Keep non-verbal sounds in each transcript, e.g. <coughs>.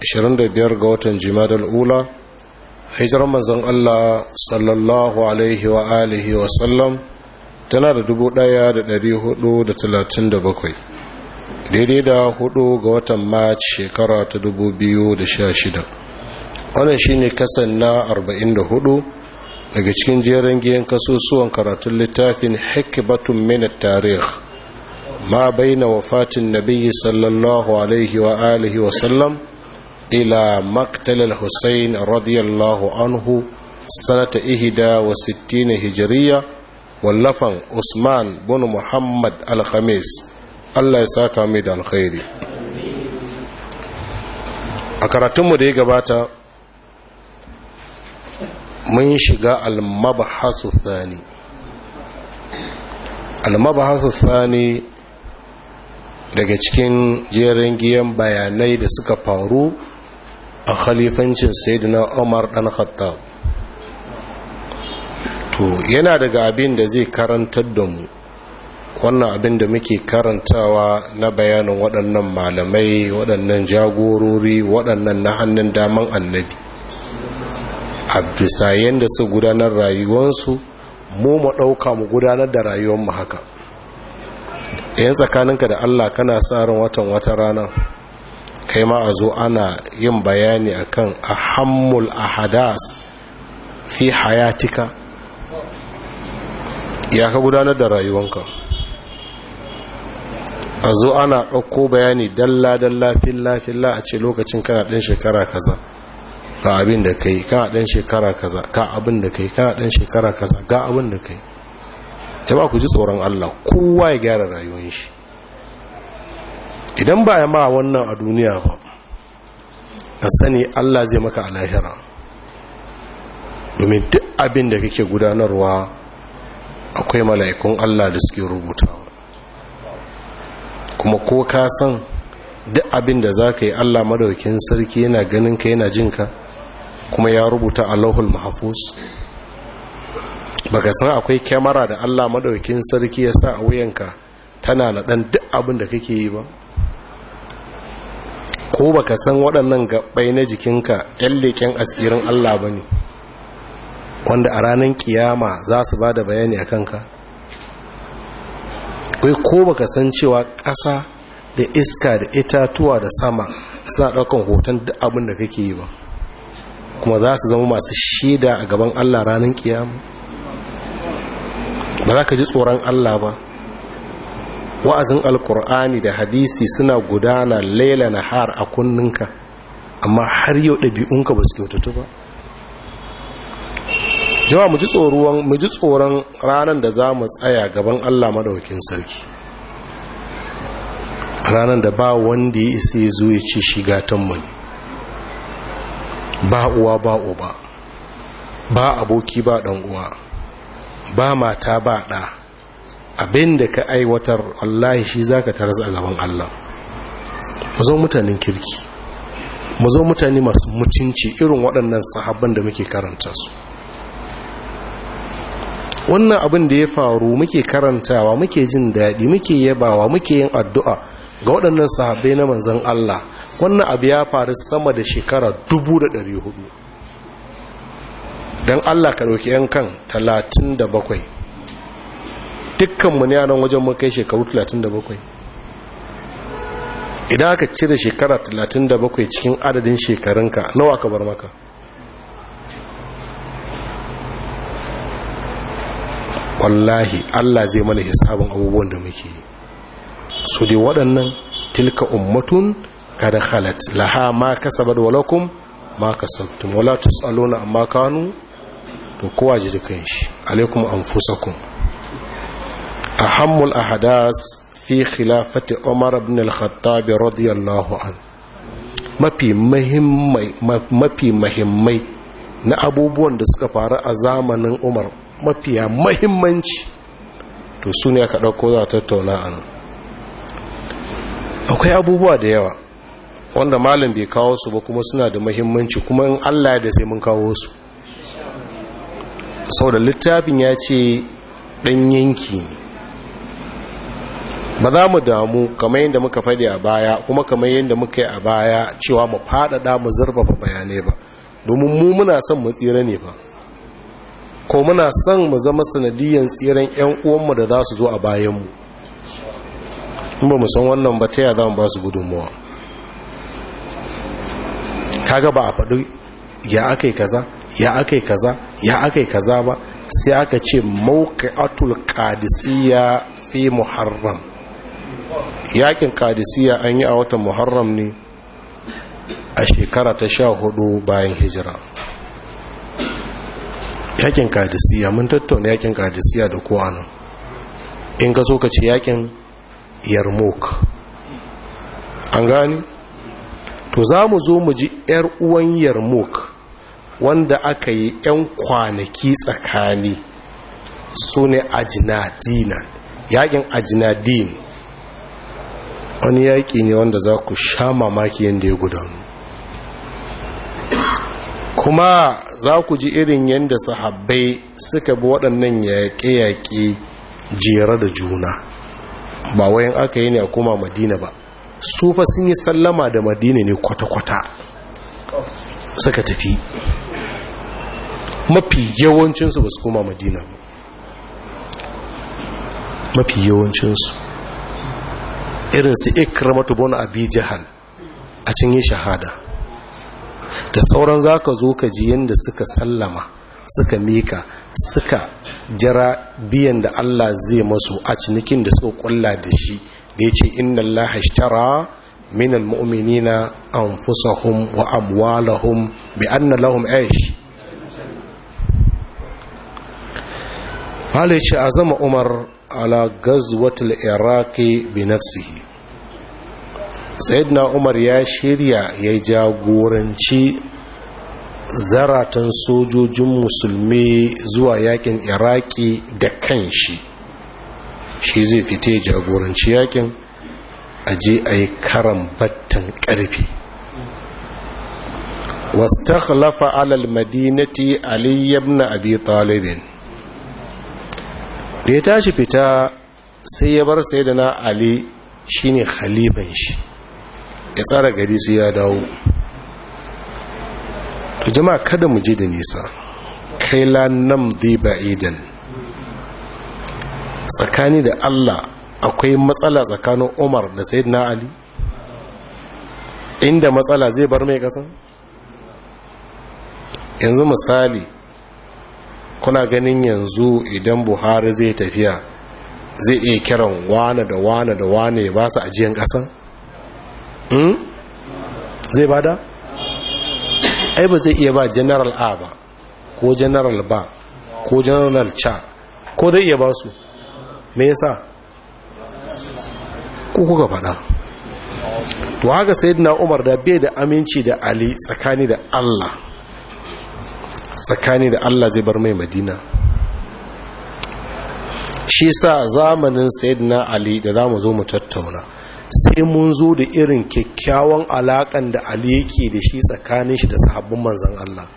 25 ga watan jimadar ula hijirar mazan Allah sallallahu alaihi wa alihi wa sallam tana da 1437 daidai da hudu ga watan Mac shekara ta 2016 wannan shine kasan na 44 daga cikin jerin giyan kasusuwan karatun littafin hikbatun minat tarih ma baina wafatin Nabi, sallallahu alaihi wa alihi wa sallam إلى مقتل الحسين رضي الله عنه سنة إهدا وستين هجرية واللفن عثمان بن محمد الخميس الله يساك ميد الخير أكرتم دي قباتا من شقاء المبحث الثاني المبحث الثاني daga cikin jerin giyan bayanai da suka faru a khalifancin sayyidina Umar dan Khattab to yana daga abin da zai karantar da mu wannan abin da muke karantawa na bayanin waɗannan malamai waɗannan jagorori waɗannan na hannun daman annabi a bisa yadda su gudanar rayuwarsu mu mu ɗauka mu gudanar da rayuwarmu haka yan tsakaninka da allah kana sa ran watan wata rana kai ma a zo ana yin bayani akan a ahadas fi hayatika ya ka gudanar da rayuwanka a zo ana ɗauko bayani dalla-dalla filla-filla a ce lokacin kana ɗin shekara kaza ga abin da kai kana ɗin shekara kaza ga abin da kai kana ɗin shekara kaza ga abin da kai ta ba ku ji tsoron Allah kowa ya gyara rayuwan shi idan ba ya ma wannan a duniya ba ka sani allah zai maka a lahira domin duk abin da kake gudanarwa akwai mala'ikun allah da suke rubuta kuma ko ka san duk abin da za ka yi allah madaukin sarki yana ganin ka yana jin ka? kuma ya rubuta a mahafus Ba baka san akwai kyamara da Allah madaukin sarki ya sa a wuyanka tana na ɗan duk abin da kake yi ba ko baka san waɗannan gaɓai na jikinka ɗan leƙen asirin Allah ba ne wanda a ranar ƙiyama za su ba da bayani a kanka kai ko baka san cewa ƙasa da iska da itatuwa da sama suna ɗaukan hoton duk abin da kake yi ba kuma za su zama masu shaida a gaban Allah ranar kiyama ba za ka ji tsoron Allah ba wa'azin alkur'ani da hadisi suna gudana laila na har a kunninka amma har yau ɗabi'unka ba su kyautatu ba jama mu ji tsoron ranar da za mu tsaya gaban allah maɗaukin sarki ranar da ba wanda ya isa ya zo ya ce shiga tanmu ne ba uwa ba uba ba aboki ba ɗan uwa, ba mata ba ɗa abin da ka aiwatar wallahi shi za ka tarzi a gaban Allah mu zo mutanen kirki mu zo mutane masu mutunci irin waɗannan sahabban da muke karanta su wannan abin da ya faru muke karantawa muke jin daɗi muke yabawa muke yin addu'a ga waɗannan sahabai na manzan Allah wannan abu ya faru sama da shekara 1400 don Allah ka ɗauki 'yan kan 37 dukkanmu ne a nan wajen makai shekaru 37 idan aka cire shekara 37 cikin adadin shekarunka nawa ka bar maka wallahi allah zai mana hisabin abubuwan da muke yi su dai waɗannan tilka ummatun kada halat laha ma kasabad walakum ma kasabtum wala tusaluna amma kanu to kowa ji dukan shi alaikum anfusakum أهم الأحداث في خلافة عمر بن الخطاب رضي الله عنه mafi mahimmai mafi mahimmai na abubuwan da suka faru a zamanin umar mafiya mahimmanci to su ne aka ɗauko za a tattauna a nan akwai abubuwa da yawa wanda malam bai kawo su ba kuma suna da mahimmanci kuma in allah ya da sai mun kawo su sau da littafin ya ce ɗan yanki ne ba za mu damu kamar yadda muka fadi a baya kuma kamar yadda muka yi a baya cewa mu faɗaɗa mu zarfafa bayanai ba domin mu muna son mu tsira ne ba ko muna son mu zama sanadiyyar tsiran 'yan uwanmu da za su zo a bayanmu in ba mu san wannan ba ta yaya za ba su gudunmuwa kaga ba a faɗi ya aka yi kaza ya aka yi kaza ya aka yi kaza ba sai aka ce mawuƙi atul kadisiya fi muharram yakin kadisiya an yi a watan muharram ne a shekara ta sha hudu bayan hijira yakin kadisiya mun tattauna yakin kadisiya da kowa in ka so ka ce yakin yarmouk an gani to za mu zo mu ji 'yar uwan yarmouk wanda aka yi 'yan kwanaki tsakani su ne ajinadina yakin ajinadina wani yaƙi ne wanda za ku sha mamaki yadda ya gudanu kuma za ku ji irin yadda sahabbai suka bi waɗannan yaƙe-yaƙe jera da juna ba wayan aka yi ne a koma madina ba su fa sun yi sallama da madina ne kwata-kwata suka tafi mafi yawancinsu ba su koma madina mafi yawancinsu irin su ikramatu bin abi jahal a yi shahada da sauran zaka zo ka ji yanda suka sallama suka mika suka jira biyan da Allah zai masu a cinikin da suka kulla da shi da ya ce inna Allah ashtara min almu'minina anfusahum wa amwalahum bi anna lahum aish hali ce a zama umar ala gazwatul iraki bi nafsihi sayyidina umar ya shirya ya jagoranci zaratan sojojin musulmi zuwa yakin iraki da kan shi Shi zai fite jagoranci yakin aje a yi karan battan karfi wastakhlafa alal madinati ali ibn abi ɗalibin. da ya tashi fita sai ya bar sayyidina ali shine khalifan shi ya tsara gari sai ya dawo to jama'a kada mu je da nisa kai la namdi ba'idan tsakani da Allah akwai matsala tsakanin Umar da na Ali inda matsala zai bar mai kasan yanzu misali kuna ganin yanzu idan Buhari zai tafiya zai iya kiran wane da wane da wane ba su ajiyan kasan Hmm? zai bada ai ba zai iya ba general a ba ko general ba ko general cha ko zai iya ba su me yasa ko kuka fada to haka sayyidina umar da bai da aminci da ali tsakani da allah tsakani da allah zai bar mai madina shi sa zamanin sayyidina ali da za mu zo mu tattauna sai mun zo da irin kyakkyawan alaƙan da ali yake da shi tsakanin shi da sahabbin manzan Allah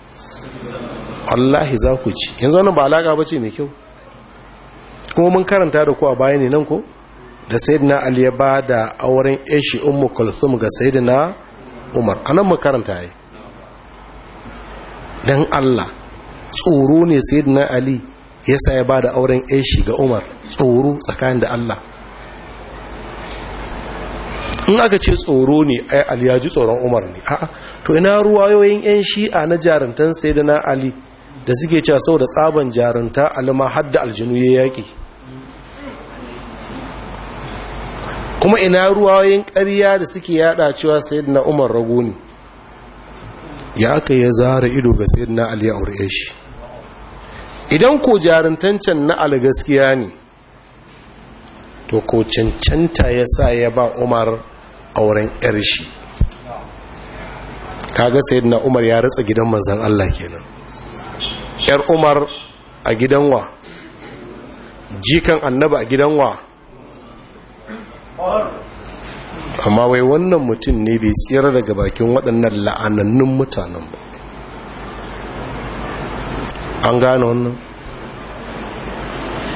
wallahi za ku ci yanzu wani ba alaƙa ba ce mai kyau kuma mun karanta da ku a nan ko da sayidina ali ya ba da auren ishi ummu kulthum ga sayidina umar anan mu karanta yi dan Allah tsoro ne sayidina ali yasa ya ba da auren eshi ga umar tsoro tsakanin da Allah in aka ce tsoro ne ai ali ya ji tsoron umar ne a'a to ina ruwayoyin yan shi'a na jarantan sai da na ali da suke cewa sau da tsaban jaranta alama hadda aljinu ya yaƙi kuma ina ruwayoyin ƙarya da suke yada cewa sai na umar rago ne ya aka ya zara ido ga sai na ali ya shi idan ko jarantancen na ali gaskiya ne to ko cancanta ya sa ya ba umar auren yar shi kaga sayyidina umar ya ratsa gidan manzan Allah kenan yar umar a gidan wa jikan annaba a gidan wa amma wai wannan mutum ne bai tsira daga bakin waɗannan la'anannun mutanen ba an gane wannan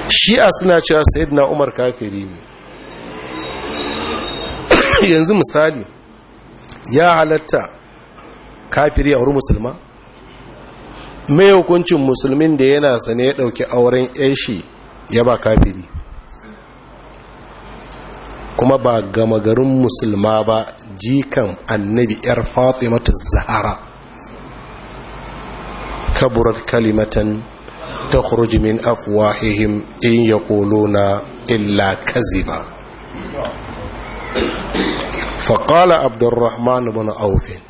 shi'a suna cewa sayyidina umar kafiri ne <coughs> yanzu misali ya halatta kafiri a wurin musulma mai hukuncin musulmin da yana sane ya dauki auren yashi ya ba kafiri kuma ba gama garin musulma ba jikan annabi yar mata zahara kaburar kalimatan ta min afwahihim in na illa kaziba faƙala abdurrahman bin aufin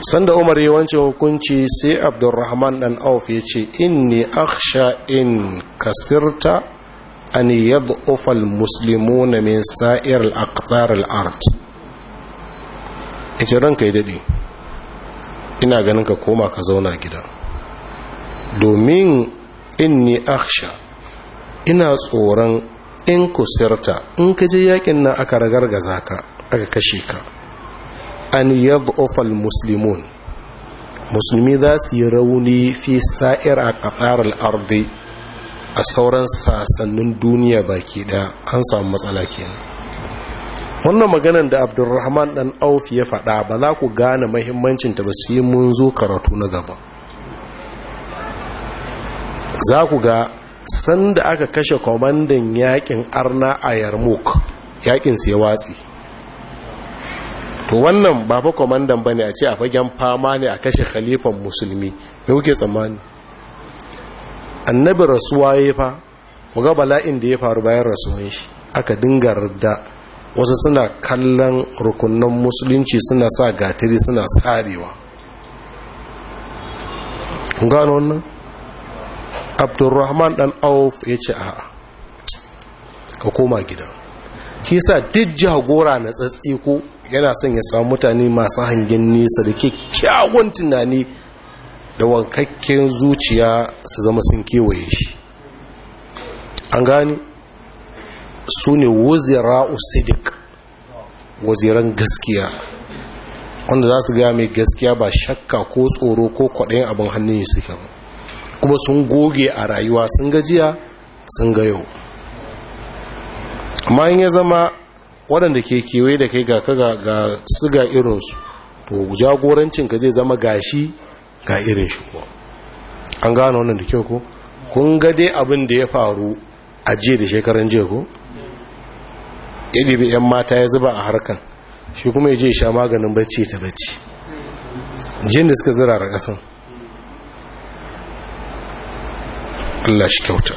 sanda umar yi hukunci sai abdurrahman dan auf ya ce inni aksha in kasirta an yad'ufa almuslimuna min sa'ir al-aqtar al-ard ice ranka dade ina ganin ka koma ka zauna gida domin inni aksha ina tsoron in kusirta in ka je yakin nan aka ragargaza ka aka kashe ka an ofal musulmun. musulmi za su yi rauni fi sa'ir a ƙasar al a sauran sasannin duniya baki da an samu matsala kenan wannan maganar da abdulrahman dan auf ya faɗa ba za ku gane mahimmancin ta ba sai mun zo karatu na gaba za ku ga sanda aka kashe kwamandan yakin arna a yarmouk yakin su ya watsi to wannan ba fa kwamandan ba a ce a fagen fama ne a kashe khalifan musulmi Da kuke tsammani annabi rasuwa ya fa ga bala'in da ya faru bayan rasuwan shi aka dinga da wasu suna kallon rukunan musulunci suna sa gatari suna tsarewa kun gano wannan abdurrahman dan auf ya ce a ka koma gida kisa duk gora na tsatsi ko yana son ya samu mutane masu hangen nesa da kyakkyawan tunani da wankakken zuciya su zama sun kewaye shi an gani su ne wuzira usidik waziran gaskiya wanda za su gaya mai gaskiya ba shakka ko tsoro ko kwaɗayin abin hannun yi suke ba kuma sun goge a rayuwa sun gajiya sun ga yau amma in ya zama waɗanda ke kewaye da kai ga kaga ga siga irinsu to jagorancin ka zai zama gashi ga irin shi ko an gano wannan da kyau ko kun ga dai abin da ya faru a jiya da shekaran jiya ko ya ɗibi 'yan mata ya zuba a harkan shi kuma ya je sha maganin bacci ta bacci jin da suka zira da ƙasan Allah shi kyauta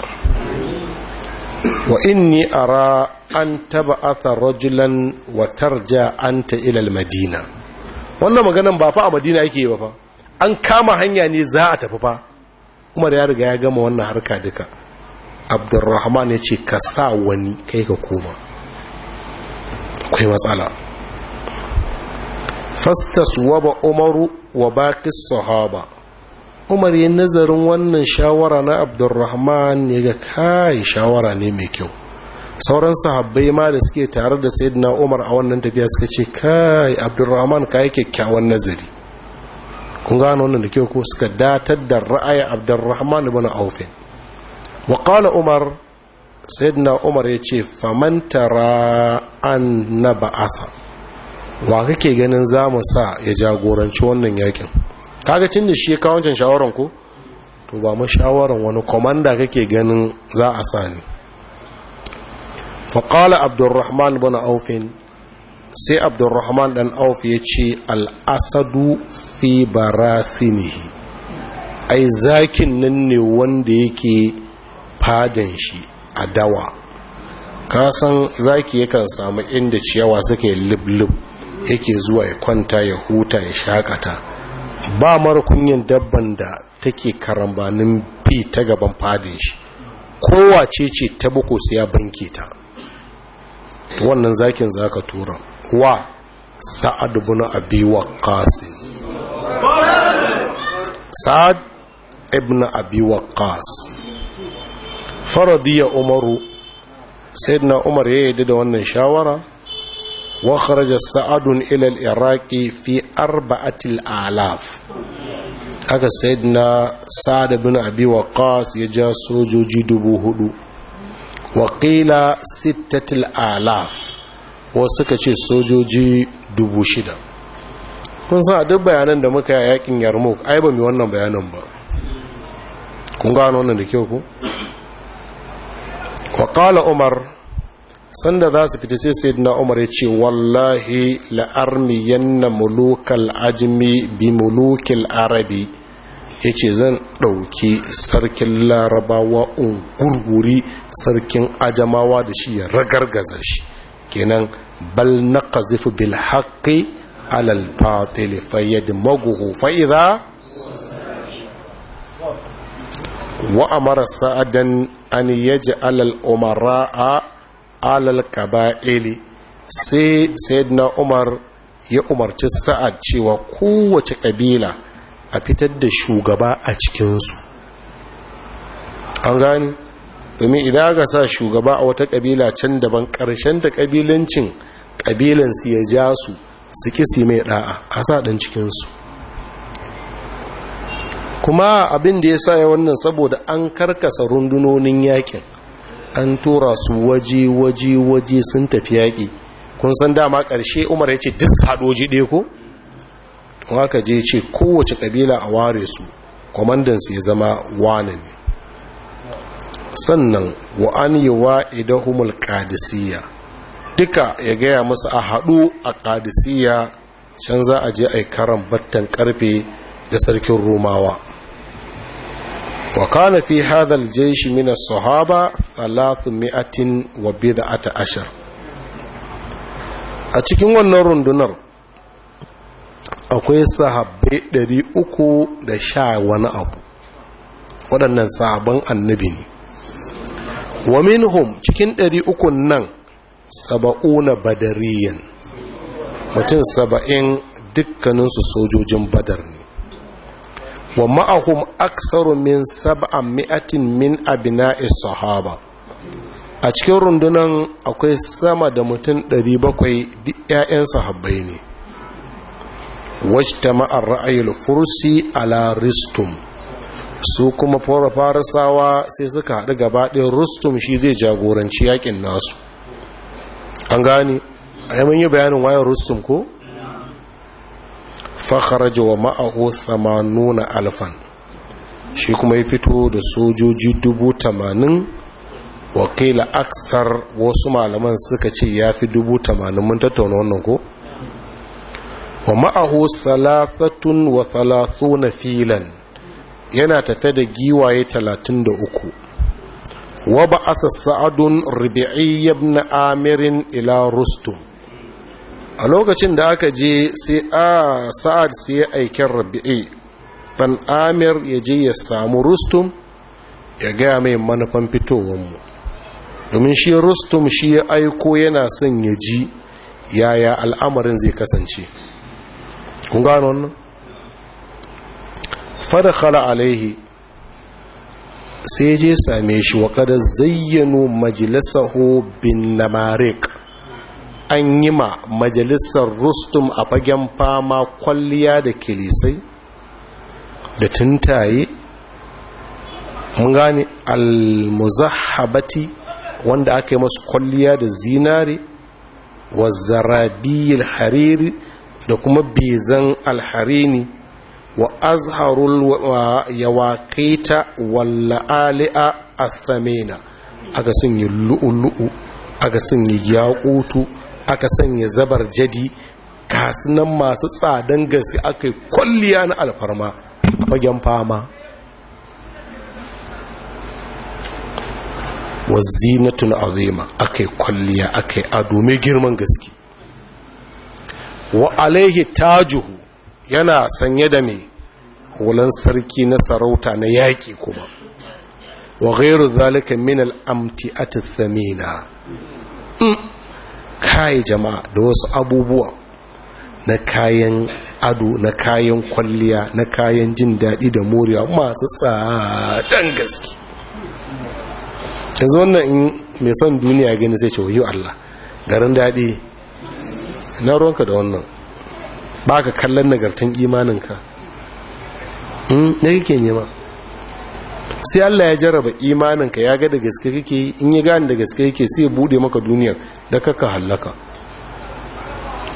wa inni ara an taba'atha rajulan wa tarja anta ila madina wannan maganan ba fa a madina yake ba fa an kama hanya ne za a tafi fa umar ya riga ya gama wannan harka duka abdurrahman ya ce ka sa wani kai ka koma akwai matsala fastas ba umaru wa baki sahaba umar yi nazarin wannan shawara na abdurrahman ne ga kai shawara ne mai kyau sauran sahabbai ma da suke tare da sayyidina umar a wannan tafiya suka ce kai abdurrahman ka yi kyakkyawan nazari kun gano wannan da kyau ko suka datar da ra'ayi abdurrahman ibn aufin wa qala umar sayyidina umar ya ce faman an na ba'asa wa kake ganin za mu sa ya jagoranci wannan yakin kaga cin da shi ya kawo shawarar ko to ba mu shawarar wani komanda kake ganin za a sa ne faƙala abdurrahman bin aufin sai abdurrahman dan auf ya ce al'asadu fi barathinihi ai zakin nan ne wanda yake fadan shi a dawa kasan zaki yakan samu inda ciyawa suke lublub yake zuwa ya kwanta ya huta ya shakata ba mara kunyan dabban da take karambanin bi ta gaban fadin shi kowa ce ta buko su ya banke ta wannan zakin za ka tura wa sa'ad bin abi waqqas sa'ad ibn abi waqqas faradiya umaru sayyidina umar ya yi da wannan shawara wa kharaja sa'adun ila al-iraqi fi arba'atil alaf haka sayyidina sa'ad bin abi waqas ya ja sojoji dubu hudu wa qila wasu suka ce sojoji dubu shida kun sa duk bayanan da muka yaƙin yarmouk ai ba mu wannan bayanan ba kun gano wannan da kyau ku Wakala umar sanda za su fita sai sayyidina umar ya ce wallahi la'armiyanna mulukal ajmi bi mulukil arabi ya ce zan ɗauki sarkin larabawa gurguri sarkin ajamawa da shi ya ragargaza shi kenan bal na kazifu bil haƙi alal fatil fayyad maguhu fa'iza wa amara sa'adan an yaji alal umara a. alal qaba'ili sai sayyidina umar ya umarci sa'ad cewa kowace kabila a fitar da shugaba a cikinsu an gani domin idan aka sa shugaba a wata kabila can daban karshen da kabilancin kabilansu ya ja su su kisi mai da'a a sa cikinsu kuma abin da ya sa ya wannan saboda an karkasa rundunonin yakin an tura su waje waje waje sun tafi yaƙi kun san dama ƙarshe umar ya ce dis haɗoji ɗe ko tun haka je ce kowace ƙabila a ware su kwamandansu ya zama wane ne sannan wa an yi wa idahumul ƙadisiyya duka ya gaya musu a haɗu a ƙadisiyya can za a je a yi karan battan ƙarfe da sarkin romawa wa kana fi hadha al-jaysh min as-sahaba 300 wa bid'ata ashar a cikin wannan rundunar akwai sahabbai 300 da sha wani abu waɗannan sahabban annabi ne wa minhum cikin 300 nan saba'una badariyan mutum saba'in dukkaninsu sojojin badar ne wa ma'ahum aksaru min sab'a mi'atin min abina'is sahaba a cikin rundunan akwai sama da mutum 700 duk 'ya'yan sahabbai ne wajta ma'ar ra'ayil fursi ala ristum su kuma farasawa sai suka haɗu ɗaya rustum shi zai jagoranci yakin nasu an gane a yi bayanin wayan rustum ko fakharaja wa ma'ahu 80 alfan shi kuma ya fito da sojoji 80 wakila aksar wasu malaman suka ce ya fi 80 mun tattauna wannan ko wa ma'ahu salafatun wa thalathuna filan yana tafe da giwaye 33 wa ba'asa sa'adun rubi'i ibn amirin ila rustum a lokacin da aka je sai a sa'ad sai ya aikin rabi'i ɗan amir ya je ya samu rustum ya gaya mai manufan fitowanmu domin shi rustum shi ya aiko yana son ya ji yaya al'amarin zai kasance kun gano wannan fadakhala alaihi sai je same shi wa kada zayyano majalisahu bin namarik an yi ma majalisar rustum a fagen fama kwalliya da kilisai da tuntaye mun gane almuzahabati wanda aka yi masu kwalliya da zinare wa zarabiyil hariri da kuma bezan alharini wa azharul kaita walla ali'a asamina aka sun yi lu'ulu'u aka sun yi yaƙutu. aka sanya zabar jadi kasunan masu tsadan gasi aka yi kwalliya na alfarma a fagen fama wazinatun azima aka yi kwalliya aka yi a domin girman gaske wa alaihi tajuhu yana sanye da mai hulan sarki na sarauta na yaƙi kuma wa gairu zalika min al'amti a thamina kayi jama'a da wasu abubuwa na kayan ado na kayan kwalliya na kayan jin daɗi da moriya masu tsadan gaske yanzu wannan in mai son duniya gani sai ce wayo Allah garin daɗi na ruwanka da wannan ba ka kallon nagartan imaninka na hmm, yake nema sai Allah ya jarraba imaninka ya ga da gaske kake in ya gane da gaske yake sai ya bude maka duniyar da kaka halaka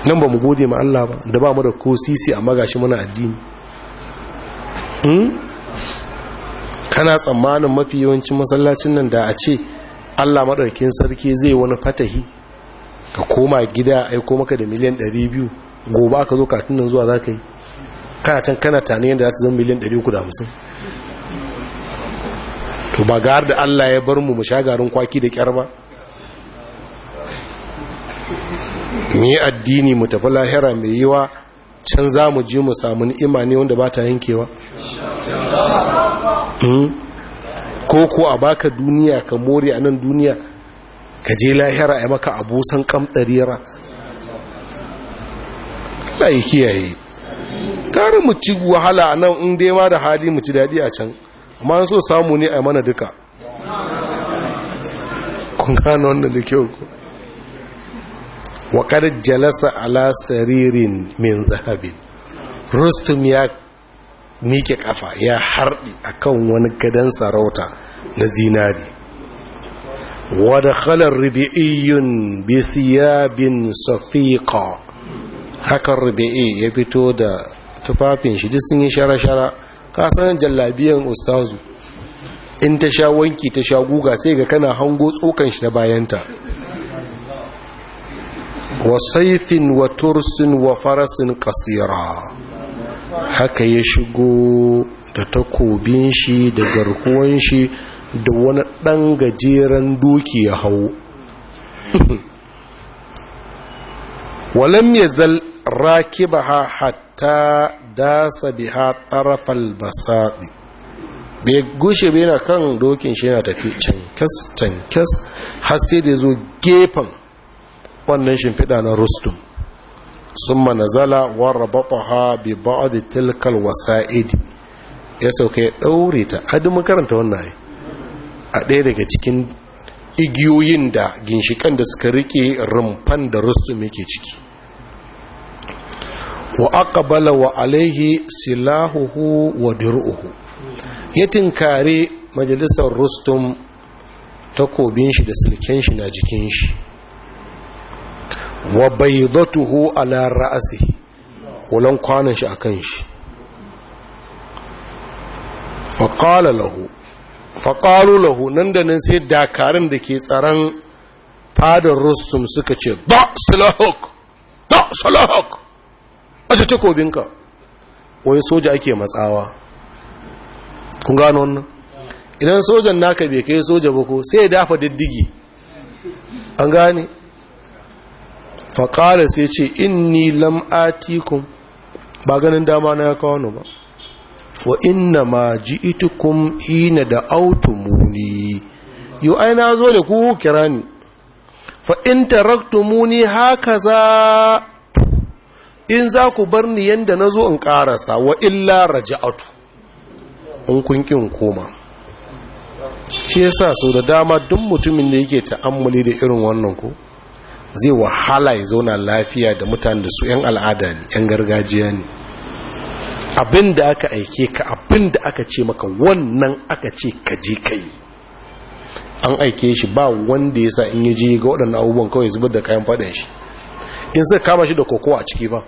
nan ba mu gode ma Allah ba da ba mu da ko sisi amma gashi muna addini hmm? kana tsammanin mafi yawancin masallacin nan da a ce Allah madaukin sarki zai wani fatahi ka koma gida aiko maka da miliyan 200 gobe aka zo kafin nan zuwa zaka yi kana can kana tani yadda za ta zama miliyan 350 to ba ga da Allah ya bar mu mu sha garin kwaki da kyar ba mu addini mu tafi lahira mai yiwa can za mu ji mu samu ni'ima ne wanda ba ta yankewa hmm? ko ko a baka duniya ka more a nan duniya ka je lahira a maka abusan kamɗarira Allah yi kiyaye kare mu ci wahala a nan in dai ma da hali mu ci daɗi a can amma so samu ne a mana duka kun gano wannan da kyau ku waƙar jalasa ala saririn min zahabin rustum ya mike ƙafa ya harɗi kan wani gadon sarauta na zinari wadda halar ribi'iyyun bi thiyabin hakan ribi'i ya fito da tufafin shi duk sun yi shara-shara ka san jallabiyan ustazu in ta sha wanki ta sha guga sai ga kana hango tsokan shi ta bayanta wa saifin wa tursin wa farasin kasira haka ya shigo da takobin shi da garkuwan shi da wani ɗan gajeren doki ya hau <laughs> walam ya zal rakibaha hatta Ta dasa biha tarafal basaɗi. bai gushe bai na kan dokin shi yana tafi cankas cankas har sai da zo gefen wannan shimfiɗa na rustum sun manazala warra baƙaha bi ba'adi tilkal wasa'idi. ya sauka ya ɗaure ta hadin makaranta karanta wannan a ɗaya daga cikin igiyoyin da ginshikan da suka rike rumfan da rustum yake ciki wa aqbala wa alaihi silahuhu wa dir'uhu ya tinkari majalisar rustum takobin shi da silken shi na jikin shi wa baydatuhu ala ra'si wulan kwanan shi akan shi qala lahu qalu lahu nan da nan sai dakarin da ke tsaron fadar rustum suka ce da salahuk da salahuk ashe takobinka wai soja ake matsawa kun gano wannan idan sojan naka bai kai soja ba ko sai dafa diddigi an gane faƙala sai ce inni lam'atikun ba ganin dama na ya kawo ba wa inna ma ji itukun ina da autumuni yau ai na zo da ku kira ni fa in muni haka za in za ku bar ni yadda na zo in ƙarasa wa illa raja'atu in kun ƙin koma shi sa so da dama duk mutumin da yake ta'ammuli da irin wannan ku zai wahala ya zauna lafiya da mutane da su 'yan al'ada ne 'yan gargajiya ne abin da aka aike ka abin da aka ce maka wannan aka ce ka je kai an aike shi ba wanda ya sa in je ga waɗannan abubuwan kawai zubar da kayan faɗin shi in sai kama shi da kokowa a ciki ba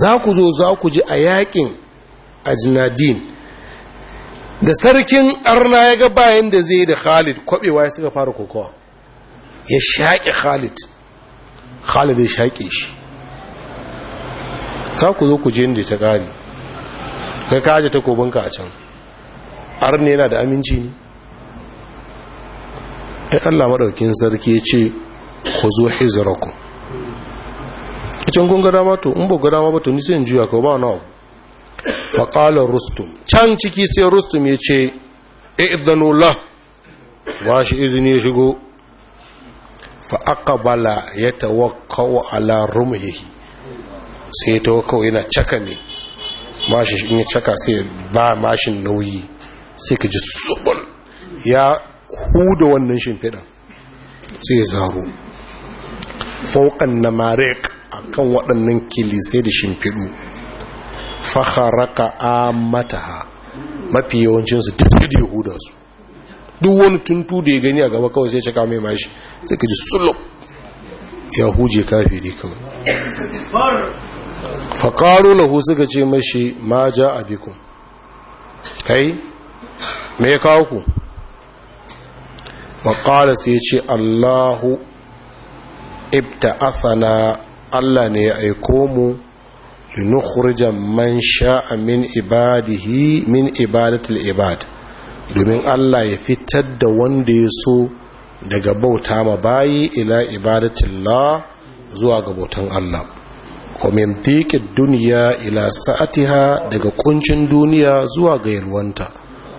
za ku zo za ku ji a yakin ajinadin da sarkin arna ya ga bayan da zai da khalid kwabewa ya suka fara kokowa ya shaƙi khalid khalid ya shaƙe shi za ku zo ku je inda ta ƙari kai kaji takobinka a can arna yana da aminci ne ya allah maɗaukin sarki ya ce ku zo hizrakum can kun gada mato to in ba gada mato ni sai in juya ka ba na abu faƙala rustum can ciki sai rustum ya ce idanullah ba shi izini ya shigo fa'aƙabala ya tawakawa ala rumayihi sai ya tawakawa yana caka ne mashi in ya caka sai ba mashin nauyi sai ka ji subul ya huda wannan shimfiɗan sai ya zaro fauƙan na Marek a kan waɗannan kilisai da shimfiɗu faharaka a mataha mafi yawancinsu ta sai da yahuda su duk wani tuntu da ya gani a gaba kawai sai cika mai mashi sai ka ji sulub ya huje ne kawai faƙaru lahu suka ce mashi ma ja a biku. kai me ya kawo ku waƙala sai ce allahu ibta athana Allah ne ya aiko mu linukhrija man sha'a min ibadihi min ibadatil ibad domin Allah ya fitar da wanda ya so daga bauta ma bayi ila ibadatillah zuwa ga bautan Allah Komin min duniya dunya ila sa'atiha daga kuncin duniya zuwa ga yalwanta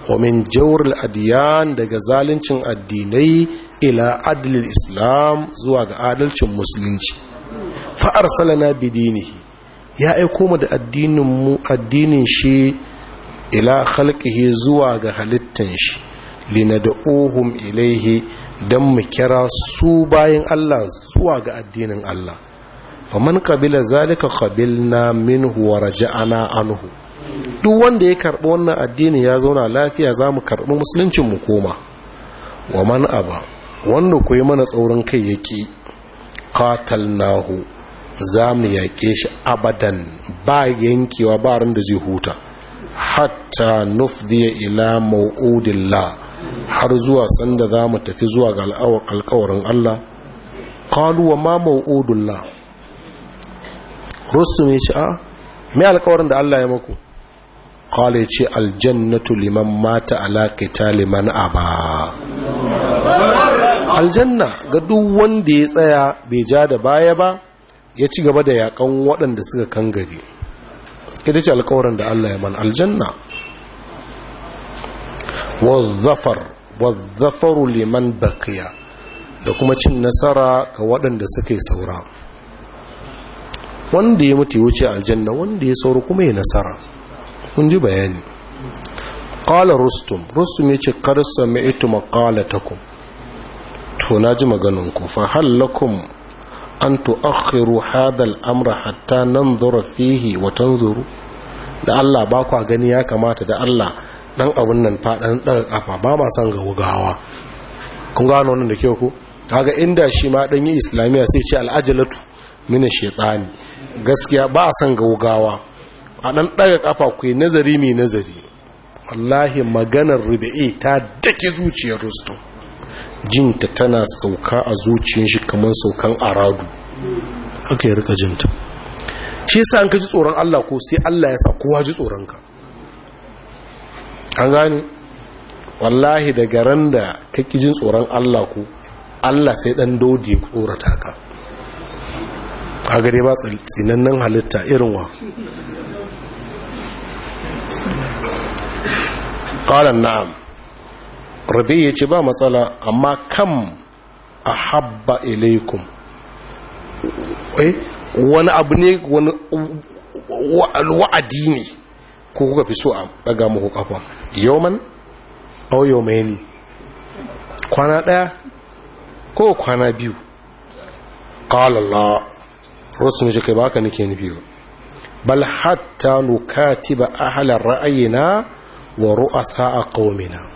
wa min jawril adyan daga zaluncin addinai ila adalil islam zuwa ga adalcin musulunci fa'ar salana bidinihi ya aiko mu da addinin shi ila halƙihi zuwa ga halittan shi lina da ohun ilaihi don mu kira su bayan Allah zuwa ga addinin Allah faman kabila zalika kabilna minhu wa raja'ana anhu duk wanda ya karɓi wannan addini ya zauna lafiya za mu karɓi mu koma wa man abu wanda ku yi mana tsaurin kai ya ƙi nahu za mu yaƙe shi abadan ba yankewa ba ran da zai huta hatta nufdiya ila mau'udillah har zuwa sanda za mu tafi zuwa ga alkawarin Allah kaluwa ma mau'udullah rusu ah, mai sha'a mai alkawarin da Allah ya maku kala ce aljannatu liman mata alaƙita liman aba aljanna ga duk wanda ya tsaya bai ja da baya ba ya ci gaba da yakan waɗanda suka gari ita ce alkawarin da Allah ya man aljanna wazzafar wazzafaru liman baqiya da kuma cin nasara ga waɗanda suka yi saura wanda ya mutu wuce aljanna wanda ya saura kuma ya nasara kun ji bayani qala rustum rustum yace kad sami'tu maqalatakum to na ji maganinku fa hallakum an tu'akhiru hadal amra hatta nanzura fihi wa tanzuru da Allah ba ku gani ya kamata da Allah dan abun nan fa dan kafa ba ma san ga wugawa kun gano wannan da kyau ko kaga inda shi ma dan yi islamiya sai ce al'ajalatu min shaytani gaskiya ba san ga wugawa a dan daga kafa ku nazari mi nazari wallahi maganar rubi'i ta dake zuciyar rustum jinta tana sauka a zuciyar shi kamar saukan aradu aka yi rika jinta shi yasa an ka ji tsoron Allah ko sai Allah ya sa kowa ji tsoron ka an gani wallahi daga ran da kake jin tsoron Allah ko Allah sai dan dodi ya tsorata ka a gare ba tsinannen halitta irin wa قال na'am. rabi ya ce ba matsala amma kam a habba ilaikum eh, wani abu ne wani wa'adi ne ko kuka fi so a daga muku kafa yawman au yawmaini kwana daya ko kwana biyu qala allah ne kai baka nake ni biyu bal hatta nukatiba ahla ra'ayina wa ru'asa a qaumina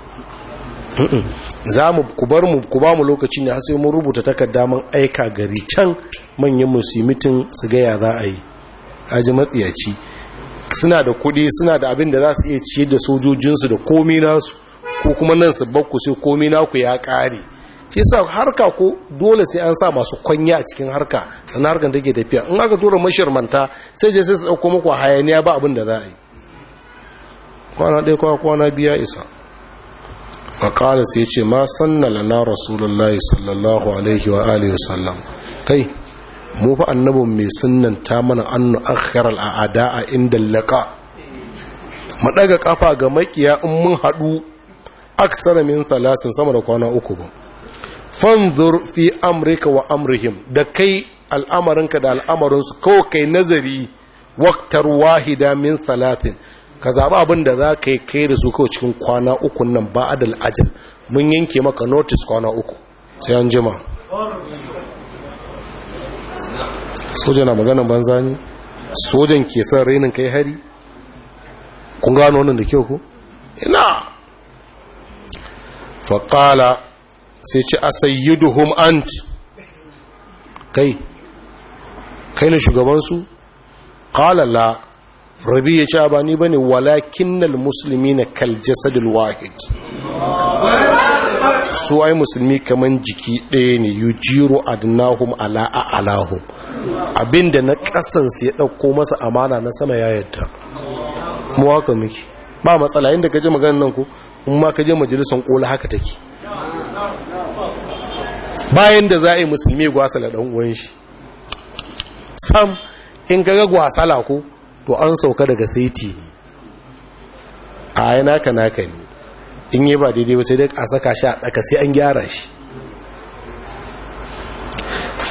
za mu ku bar mu ku ba mu lokaci ne sai mun rubuta takarda mun aika gari can manyan musulmitin su ga ya za a yi haji matsiyaci suna da kuɗi suna da abin da za su iya ciye da sojojinsu da komi nasu ko kuma nan su bakku sai komi naku ya ƙare shi sa harka ko dole sai an sa masu kwanya a cikin harka sannan harkar take tafiya in aka tura mashirmanta sai je sai su ɗauko muku hayaniya ba abin da za a yi kwana ɗaya kwana biya isa faƙala sai ce ma sannala na rasulullahi sallallahu alaihi wa alihi wasallam kai mu fa annabin mai sunan ta mana annu akhiral a'ada a inda laka mu daga kafa ga maƙiya in mun haɗu aksara min thalasin sama da kwana uku ba Fan fi amrika wa amrihim da kai al'amarinka da al'amarinsu kawai kai nazari waktar wahida min thalatin ka zaɓi abin da za ka yi kai da su kawai cikin kwana uku nan ba adal ajal mun yanke maka notice kwana uku sai an jima soja na maganin banza ne sojan ke son rainin kai hari kun gano wannan da kyau ku? ina faƙala sai ci a sayyiduhum ant kai kai ne shugabansu ƙalala rabi ya ce ba ni bane walakinnal na kal jasadil wahid su ai musulmi kaman jiki ɗaya ne jiro adnahum ala a'lahum abinda na kasan su ya ɗauko masa amana na sama ya yadda mu miki ba matsala inda je magana nan ku in ma je majalisan kola haka take bayan da za a yi musulmi da dan uwan shi sam in kaga gwasa ko to an sauka daga saiti ne a yi naka naka ne in yi ba daidai ba sai dai a saka shi a ɗaka sai an gyara shi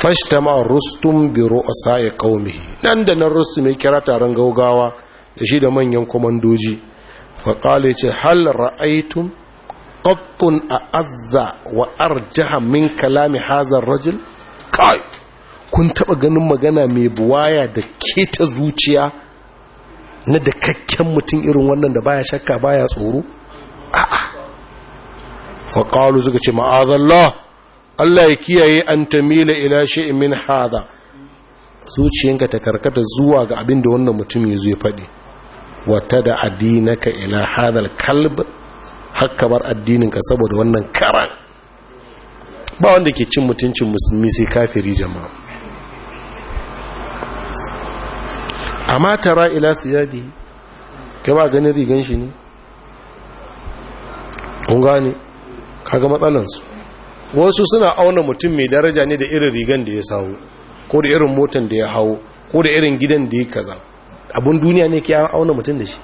fashtama rustum biro a ya qaumihi nan da nan rustum ya kira taron gaugawa da shi da manyan komandoji fa ce hal ra'aytum a azza wa arjaha min kalami hazar rajul kai kun taɓa ganin magana mai buwaya da keta zuciya na da kakken mutum irin wannan da baya shakka baya tsoro a'a faƙalu suka ce ma'azallah Allah ya kiyaye an tamila ila shi'in min hadha zuciyanka ta karkata zuwa ga abin da wannan mutum ya zo ya faɗi wata da addinaka ila hadal kalb hakka bar ka saboda wannan karan ba wanda ke cin mutuncin musulmi sai kafiri jama'a amma tara ila yadi kai ba ganin rigan shi ne kun gane kaga matsalansu wasu suna auna mutum mai daraja ne da irin rigan da ya sawo ko da irin motan da ya hawo ko da irin gidan da ya kaza abun duniya ne ke auna mutum da shi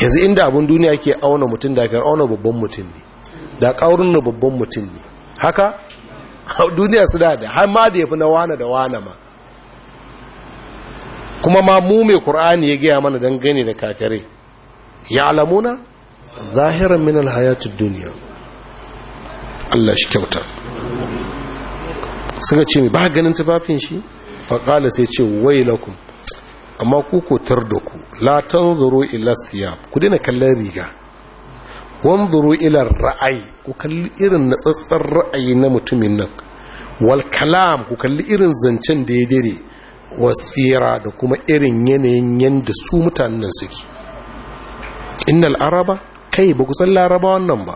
yanzu inda abun duniya ke auna mutum da ka auna babban mutum ne da ƙaurin na babban mutum ne haka duniya su da har ma da ya fi na wane da wane ma kuma ma mu mai ƙur'ani ya gaya mana dangane da kafirai alamuna zahiran min hayatun duniya. Allah shi kyauta suka ce mi ba ganin tufafin shi faƙala sai ce wai wailakum amma ku ko da ku la zuru ila siyab ku dina kallon riga zuru ila ra'ayi ku kalli irin natsatsar ra'ayi na mutumin nan wal kalam ku kalli irin zancen da ya dare wasira da kuma irin yanayin yadda su mutanen nan suke innal araba kai ba kusan laraba wannan ba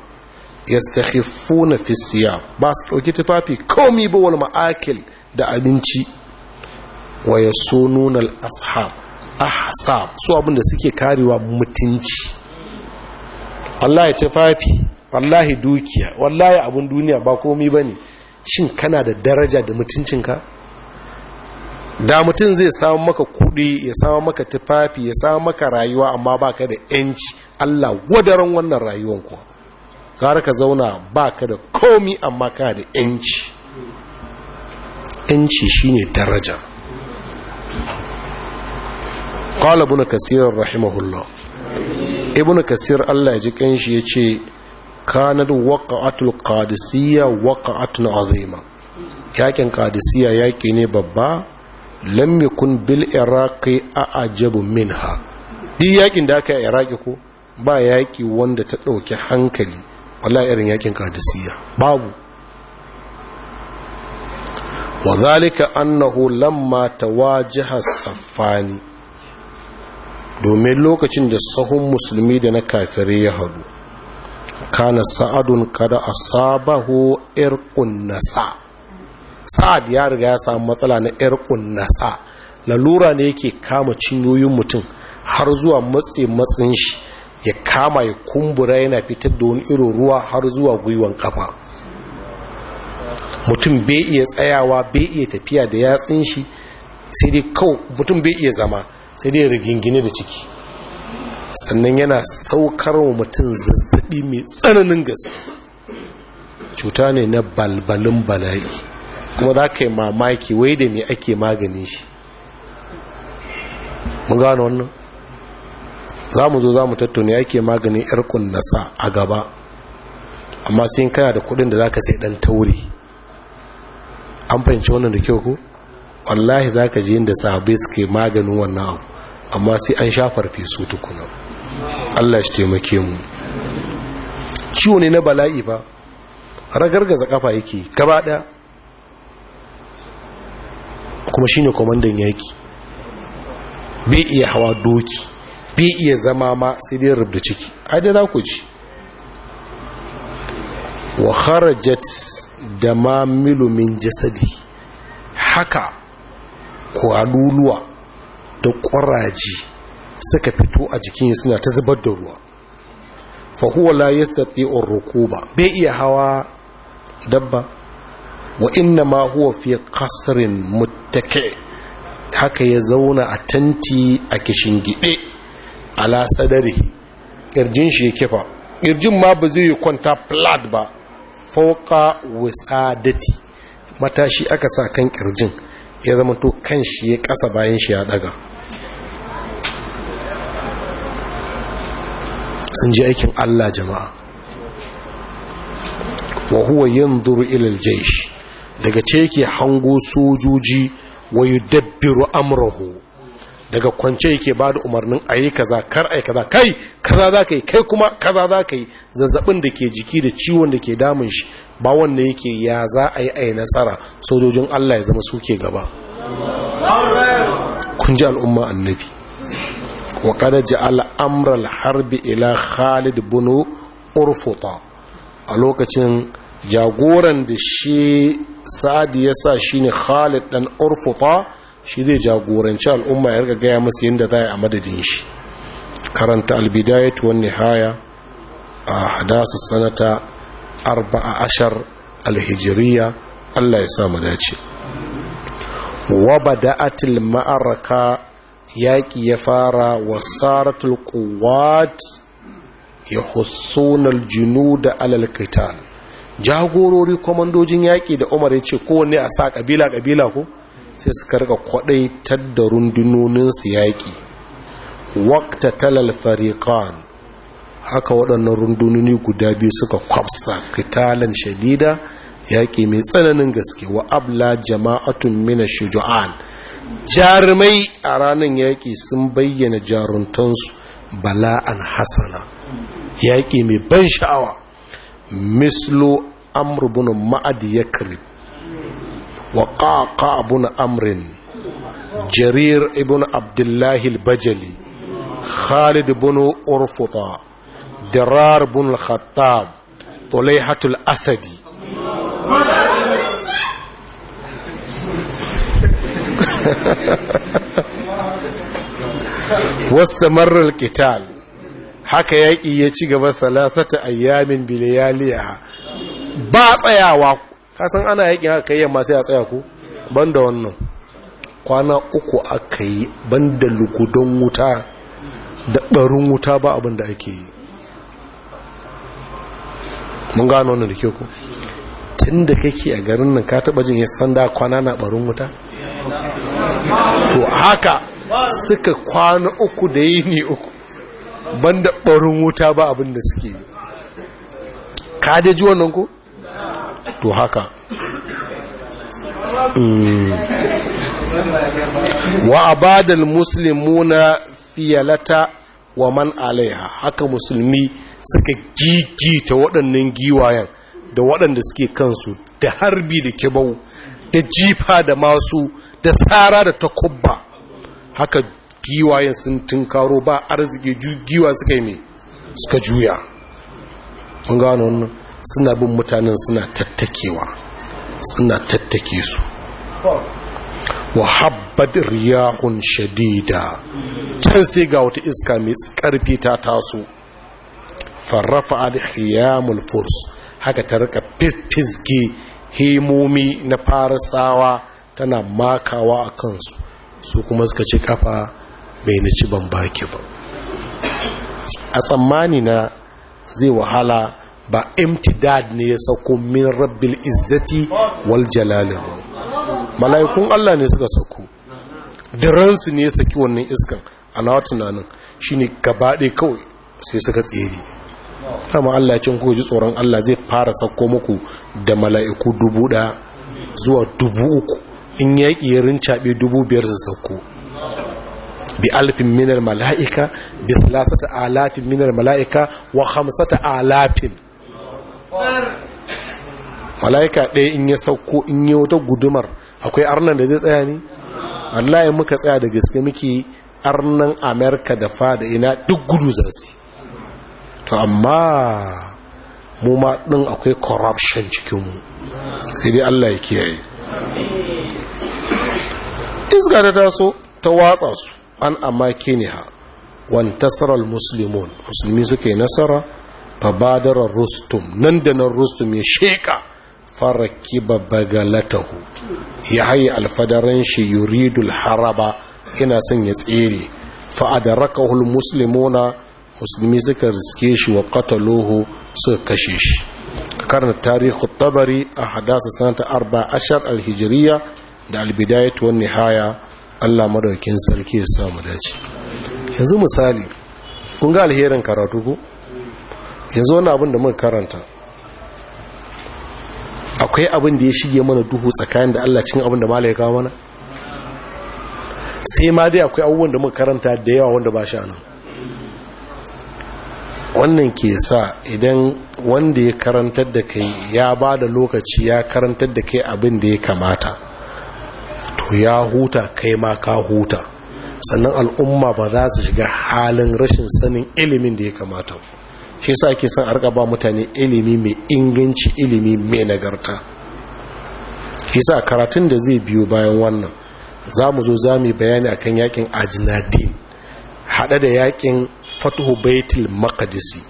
Ya yastakhifuna fi fisiya. ba su dauki tufafi komi ba wal ma'akil da abinci wa yasununa al ashab ahsab su abinda suke karewa mutunci wallahi tufafi wallahi dukiya wallahi abun duniya ba komi ne. shin kana da daraja da mutuncinka da mutum zai samu maka kuɗi ya samu maka tufafi ya samu maka rayuwa amma baka da yanci Allah gwadaran wannan rayuwan ku gara ka zauna baka da komi amma ka da yanci yanci shine daraja qala ibn kasir rahimahullah ibn kasir Allah ya ji kanshi yace kanad waqa'atul qadisiyya waqa'atun azima yakin qadisiyya yaki ne babba lam yakun bil iraqi a'jabu minha di yakin da aka yi iraqi ko ba yaki wanda ta dauki hankali wallahi irin yakin kadisiya babu wa zalika annahu lamma tawajaha safani domin lokacin da sahun musulmi da na kafirai ya hadu kana sa'adun kada asabahu irqun nasa' sa'ad ya riga ya samu matsala na yar kunnasa lalura ne yake kama cinyoyin mutum har zuwa matse matsin shi ya kama ya kumbura yana fitar da wani irin ruwa har zuwa gwiwan kafa mutum bai iya tsayawa bai iya tafiya da yatsin shi sai dai kawo mutum bai iya zama sai dai rigingine da ciki sannan yana saukar wa mutum zazzabi mai tsananin gaske cuta ne na balbalin bala'i kuma za ka yi mamaki wai da me ake maganin shi mun gano wannan za mu zo za mu tattauna ake maganin yar kunnasa a gaba amma sai kana da kudin da za ka sai dan tauri an fahimci wannan da kyau ko wallahi za ka ji inda sahabai suke maganin wannan abu amma sai an sha farfe su tukuna allah shi taimake mu ciwo ne na bala'i ba ragargaza kafa yake gaba ɗaya kuma shi ne komandan yaki bai iya hawa doki bai iya zama ma sai dai rubda ciki ai da za ku ji wa kharajat damamilu min jasadi haka kwaluluwa da ƙwaraji suka fito a jikin suna ta zubar da ruwa fa huwa la yastati'ur rukuba bai iya hawa dabba wa inna ma huwa fi qasrin muttaki haka ya zauna a tanti a kishin gide ala sadari kirjin shi ya kifa kirjin ma ba zai yi kwanta flat ba fauka wisadati matashi aka sa kan kirjin ya zama to kan shi ya kasa bayan shi ya daga sun ji aikin Allah jama'a wa huwa yanzuru ila al-jaysh daga ce yake hango sojoji wa dabbiru amrahu daga kwance yake ba da umarnin ayi kaza kar ayi kaza kai kaza za ka yi kai kuma kaza za ka yi zazzabin da ke jiki da ciwon da ke damun shi ba wanda yake ya za a yi ayi nasara sojojin Allah ya zama suke gaba kun ji al'umma annabi wa kada ji harbi ila Khalid bin Urfuta a lokacin jagoran da shi sa'adi ya sa shi ne khalid ɗan urfuta shi zai jagoranci al'umma ya riga gaya masu yadda za a yi a madadin shi karanta albidayatu wani haya a hadasu sanata arba'a ashar alhijiriya allah ya sa mu dace wabada'atil ma'araka yaƙi ya fara wasaratul ƙuwat ya hussunar junu da alalkital jagorori kwamandojin yaƙi da umar ya ce kowanne a sa ƙabila-ƙabila ko sai suka rika kwaɗaitar da rundunoninsu yaƙi wakta talal fariƙan haka waɗannan rundunoni guda biyu suka kwafsa kitalan shadida yaƙi mai tsananin gaske wa abla jama'atun mina shuju'an jarumai a ranar yaƙi sun bayyana jaruntansu bala'an hasana yaƙi mai ban sha'awa mislo أمر بن مأد يكرب وقاقع بن أمر جرير ابن عبد الله البجلي خالد بن أرفطة درار بن الخطاب طليحة الأسدي <laughs> واستمر القتال حكى يجي ثلاثة أيام بلياليها ba tsayawa kasan ana yakin haka yamma masu a tsaya Ban banda wannan kwana uku aka yi banda lugudon wuta da ɓarin wuta ba abin da ake yi mun gano wannan da ke ku tun da kake a garin nan ka taɓa jin ya da kwana na ɓarin wuta to haka suka kwana uku da yi ne uku banda ɓarin wuta ba abin da suke yi ka daji wannan ku to haka mm. wa abadal muslimuna fiyalata wa man alaiha haka musulmi suka gigita waɗannan giwayen da waɗanda suke kansu da harbi da kibau da jifa da masu da tsara da takubba haka giwayen sun tunkaro ba arziki giwa suka yi mai suka juya An gano wannan suna bin mutanen suna tattakewa suna tattake su wa habbad riyahun shadida can sai ga wata iska mai karfi ta taso farrafa al-khiyamul furs haka ta rika fisge himomi na farasawa tana makawa a kansu su kuma suka ce kafa bai na ci ban baki ba a tsammani na zai wahala ba imtidad ne ya sauko min rabbil izzati wal jalali mala'ikun Allah ne suka sauko diransu ne ya saki wannan iskan a nawa shi ne gabaɗe kawai sai suka tsere kama Allah cin ko ji tsoron Allah zai fara sauko muku da mala'iku dubu ɗaya zuwa dubu uku in ya yi ya rincaɓe dubu biyar su sauko bi alfin minar mala'ika bi salasata alafin minar mala'ika wa hamsata alafin mala'ika ɗaya in ya sauko in yi wata gudumar akwai arnan da zai tsaya ne Allah ya muka tsaya da gaske muke arnan amerika da fada ina duk gudu zarsi to amma mu ma ɗin akwai corruption cikinmu sai dai Allah ya kiyaye iska da taso ta watsa su an ke ne ha wantasarar musulmi suka yi nasara fabadarar rustum nan da nan rustum ya sheka faraki babbagalatahu ya haye alfadaran shi yuridul haraba yana son ya tsere fa'adarakahul muslimuna musulmi suka riske shi wa katalohu suka kashe shi karna tarihi tabari a hadasa sanata arba ashar alhijiriya da albidayatu wani haya allah madaukin sarki ya samu dace yanzu misali kun ga alherin karatu ku yanzu wani abin da muka karanta akwai abin da ya shige mana duhu tsakanin da Allah cikin abin da mala mana sai ma dai akwai abubuwan da muka karanta da yawa wanda ba nan. wannan ke sa idan wanda ya karantar da kai ya ba da lokaci ya karantar da kai abin da ya kamata to ya huta kai ma ka huta sannan al'umma ba za su shiga halin rashin sanin ilimin da ya kamata ba shi sa ake son arka ba mutane ilimi mai inganci ilimi mai nagarta shi sa karatun da zai biyo bayan wannan za mu zo za mu bayani akan yakin ajinadin hada da yakin fatuhu baitul makadisi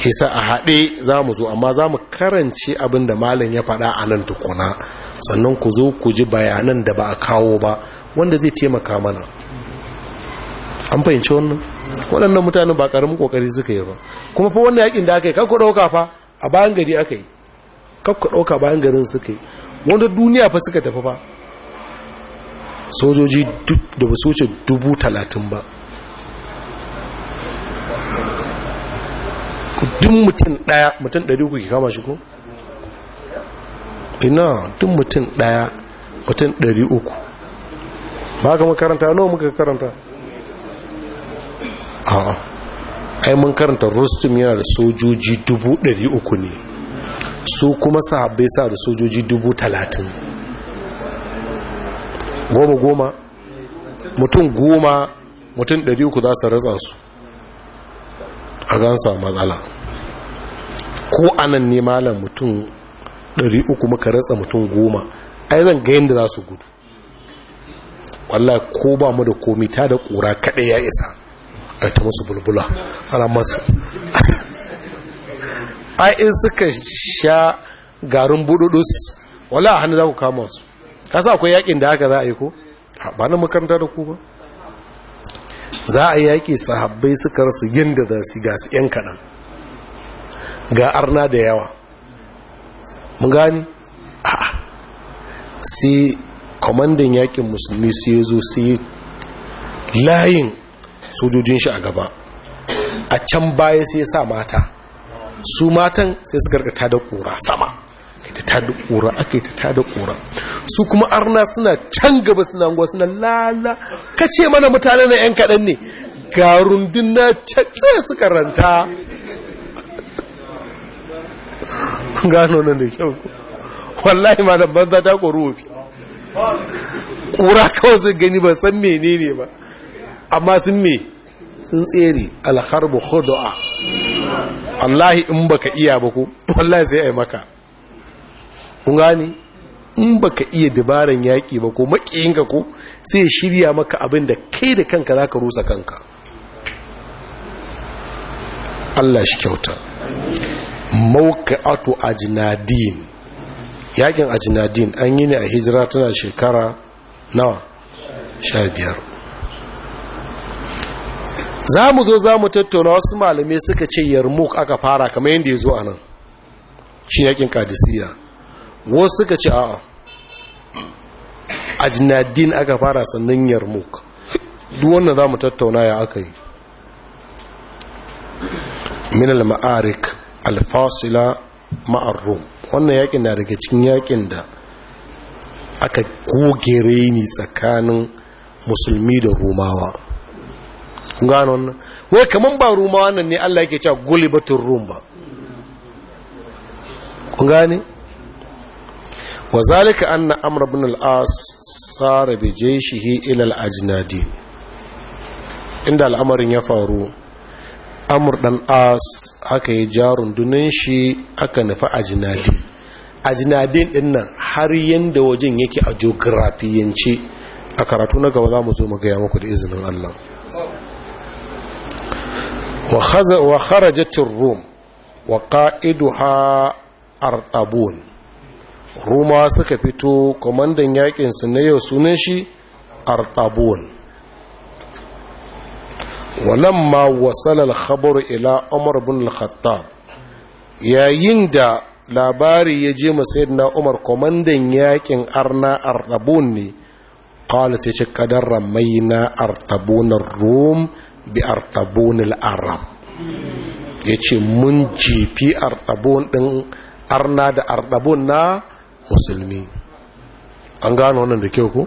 shi sa a haɗe za mu zo amma za mu karance abin da malin ya faɗa a nan tukuna sannan ku zo ku ji bayanan da ba a kawo ba wanda zai taimaka mana an fahimci wannan waɗannan mutane ba ƙaramin ƙoƙari suka yi ba kuma fa wannan yakin da aka yi kakku ɗauka fa a bayan gari aka yi kakku ɗauka bayan garin suka yi wanda duniya fa suka tafi fa sojoji da ba soce wuce dubu talatin ba duk mutum ɗaya mutum ɗari uku ke kama shi ko? ina duk mutum ɗaya mutum ɗari uku ba ka makaranta nawa muka karanta ai mun karanta rustum yana da sojoji dubu ɗari uku ne su kuma sahabbai sa da sojoji dubu talatin goma goma mutum goma mutum ɗari uku za su ratsa su a gansa matsala ko anan ne malam mutum ɗari uku muka ratsa mutum goma ai zan ga yadda za su gudu wallah ko ba mu da komi ta da ƙura kaɗai ya isa ta musu bulbula ana masu <laughs> ai suka sha garin bududus wala hannu za ku kama su kasa akwai yakin da haka za a yi ko ba na makaranta da ku ba za a yaƙi sahabbai suka rasa yadda za su gasu 'yan kaɗan ga arna da yawa mun gani a sai kwamandan yakin musulmi su yazo zo su yi layin sojojin shi a gaba a can baya sai sa mata su matan sai su gargata da kura sama ta ta da kura aka ta ta da kura su kuma arna suna can gaba suna ngwa suna lala kace mana mutane na yan kaɗan ne ga rundun na can sai su karanta gano nan da kyau wallahi ma da banza ta ƙoro kura kawai sun gani ba san menene ba amma sun me sun tsere alharbu khudu'a wallahi in baka iya ba ku wallahi sai ai maka kun gani in baka iya dabaran yaki ba ko makiyinka ko sai shirya maka abin da kai da kanka zaka rusa kanka Allah shi kyauta mawqa'atu ajnadin yakin ajinadin an yi ne a hijira tana shekara nawa sha biyar za mu zo za mu tattauna wasu malamai suka ce yarmouk aka fara kamar yadda ya zo a nan shi yakin kadisiya wasu suka ce a'a ajinadin aka fara sannan yarmouk duk wannan za mu tattauna ya aka yi min maarik al-fasila maar wannan yakin na daga cikin yakin da aka goge ni tsakanin musulmi da Rumawa. gano wannan wai kamar ba ruma wannan ne Allah yake cewa gulibatul rum ba kun gane wa zalika anna amr ibn al-as sara bi jayshihi ila al-ajnadi inda al'amarin ya faru amr dan as aka ya jarun dunin shi aka nufi ajnadi ajnadin din nan har yanda wajen yake a yance a karatu na gaba za mu zo mu ga ya muku da izinin Allah wa kharajatin rum wa ƙa'iduha artabun ruma suka fito kwamandan yaƙinsu na yau sunan shi artabun walamma wasalar khabar ila umar bin al-khattab yayin da labari ya je na umar kwamandan yaƙin arna artabun ne ƙala sai ce kadar ramaina artabunan rum bi al arab yace ce mun jifi arqabun ɗin arna da arqabun na musulmi an gano wannan da kyau ko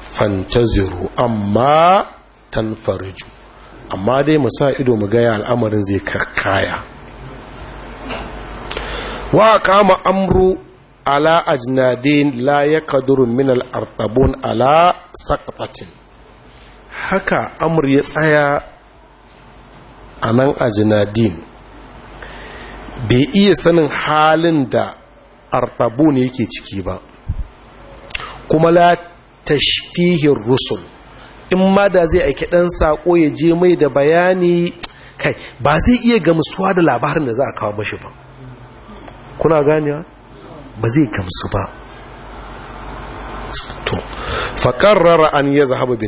fantaziru amma tanfariju amma dai mu sa ido mu gaya al'amarin zai kakkaya wa kama amru ala ajnadin la ya min al-arqabun ala saqatin haka amur ya tsaya a nan a jinadin bai iya sanin halin da artabun yake ciki ba kuma la tashfihin rusul in ma da zai aiki ɗan saƙo ya je mai da bayani kai ba zai iya gamsuwa da labarin da za a kawo mashi ba kuna ganewa ba zai gamsu ba to faƙarrara an ya zahaba bi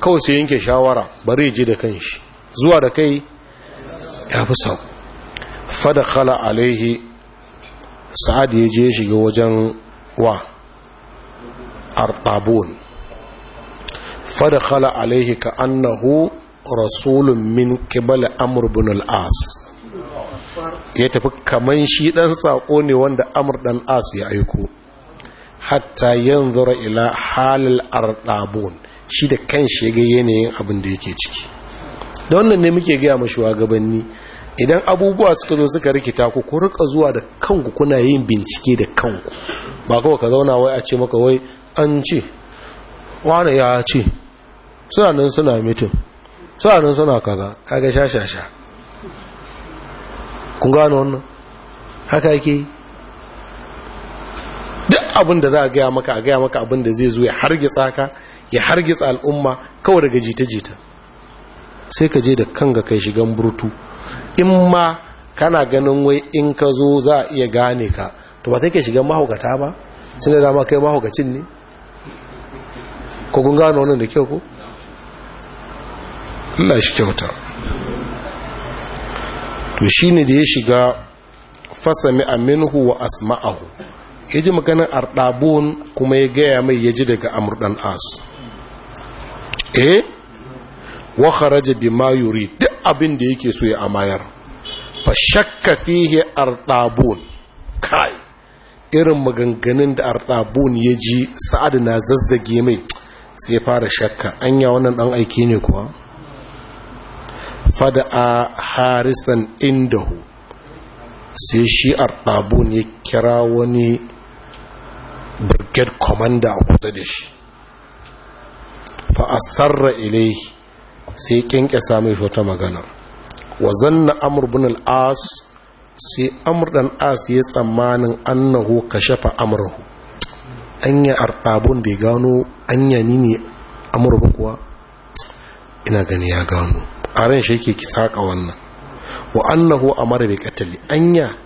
kawai sai yanke shawara bari ji da kanshi zuwa da kai ya fi sau fada alaihi sa'ad ya je shiga wajen wa artabun fada alaihi ka annahu rasulun min kibala amur bin al'as ya tafi kaman shi ɗan saƙo ne wanda amur ɗan as ya aiko hatta yanzura ila halil artabun shi da kan shi ga yanayin abin da yake ciki da wannan ne muke gaya mashi gabanni idan abubuwa suka zo suka rikita ku ku rika zuwa da kanku kuna yin bincike da kanku ba kawai ka zauna wai a ce maka wai an ce wani ya ce suna nan suna mitin suna nan suna kaza kaga sha sha sha kun gano wannan haka yake duk abin da za a gaya maka a gaya maka abin da zai zo ya hargitsa ka ya hargitsa al'umma kawai daga jita-jita sai ka je da kanga kai shigan burtu in ma kana ganin wai in ka zo za a iya gane ka to ba sai ke shigan mahaukata ba suna da dama kai mahaukacin ne ko gano wannan da kyau ko Allah shi kyauta to shi ne da ya shiga fasami aminhu wa asma'ahu ya ji maganin arɗabon kuma ya gaya mai ya ji daga amurdan as eh wa kharaja bima duk abin da yake so ya amayar fa shakka fihi ardabun kai irin maganganun da ardabun ya ji sa'ad na zazzage mai sai fara shakka anya wannan dan aiki ne kuwa a harisan indahu sai shi ardabun ya kira wani brigade commander a kusa da shi fa asarra ilai sai kyankyasa mai shi wata magana wa zanna amur bin al'as sai amur dan as ya tsammanin annahu kashafa an anya arqabun bai gano an ni ne amur kuwa ina gani ya gano a ran shi ke kisa ka wannan wa annahu amara bai qatl anya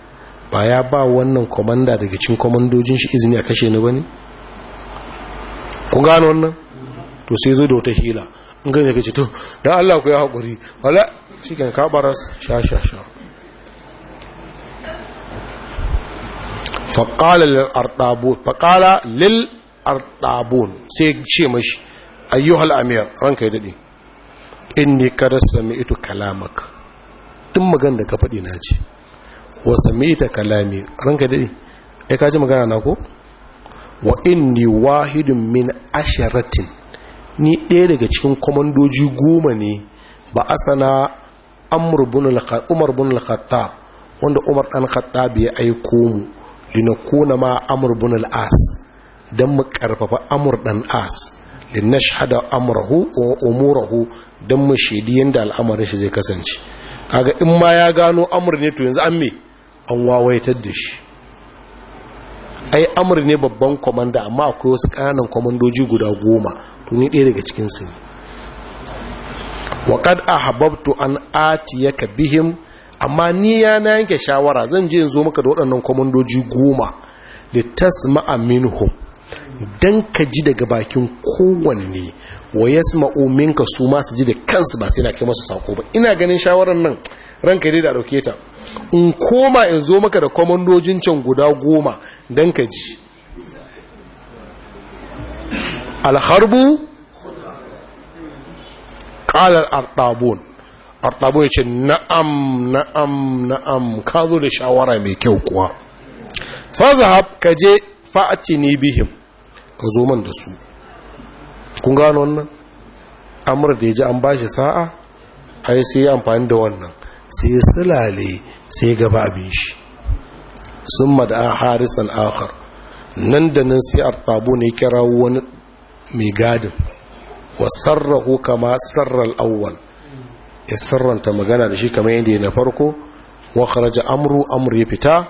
ba ya ba wannan komanda daga cin komandojin shi izini a kashe ni ba ne? ku gano wannan to sai zo da wata hila in gani ka ce to da Allah ku ya haƙuri wala shi kan kabaras sha sha sha faƙala lil arɗabun sai ce mashi ayyuhal amir ranka ya daɗe inni da sami ito kalamak ɗin magana da ka faɗi na ce wa sami ita kalami ranka ya daɗe ya kaji magana na ko wa inni wahidun min asharatin ni ɗaya daga cikin kwamandoji goma ne ba asana umar bin al-khattab wanda umar ɗan khattab ya aiko mu linakuna ma amur bin al-as don mu karfafa amur ɗan as linashhada amrahu wa umurahu don mu shaidi yadda al'amarin shi zai kasance kaga in ma ya gano amur ne to yanzu an me an wawaitar da shi ai amur ne babban kwamanda amma akwai wasu ƙananan kwamandoji guda goma Tuni ɗaya daga cikinsu ne waƙad a hababtu an atiyaka bihim amma ni ya na yanke shawara zan je zo maka da waɗannan kwamandoji goma da tasma'a minhum don ka ji daga bakin kowanne wa ya sima ominka su masu ji da kansu ba sai na kai masu sako ba ina ganin shawarar nan ranka dai da ɗauke ta in koma in zo maka da kwamandojin can guda goma don ka ji alharbu ƙalar artabun artabun ya ce na'am na'am na'am ka zo da shawara mai kyau kuwa fazahab ka je fa'aci ne bihim ka zo man da su kun gano wannan amur an bashi sa'a ai sai ya amfani da wannan sai ya sai ya gaba abin shi sun mada harisan akhar nan da nan sai artabu ne kira wani mai gadin wa sarrahu kama sarral awwal ya sarranta magana da shi kamar yadda ya na farko wa kharaja amru amru ya fita